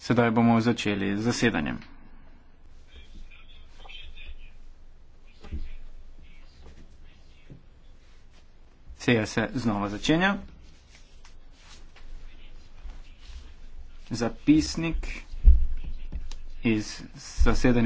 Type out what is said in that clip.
Sedaj bomo začeli z zasedanjem. Seja se znova začenja. Zapisnik iz zasedanja.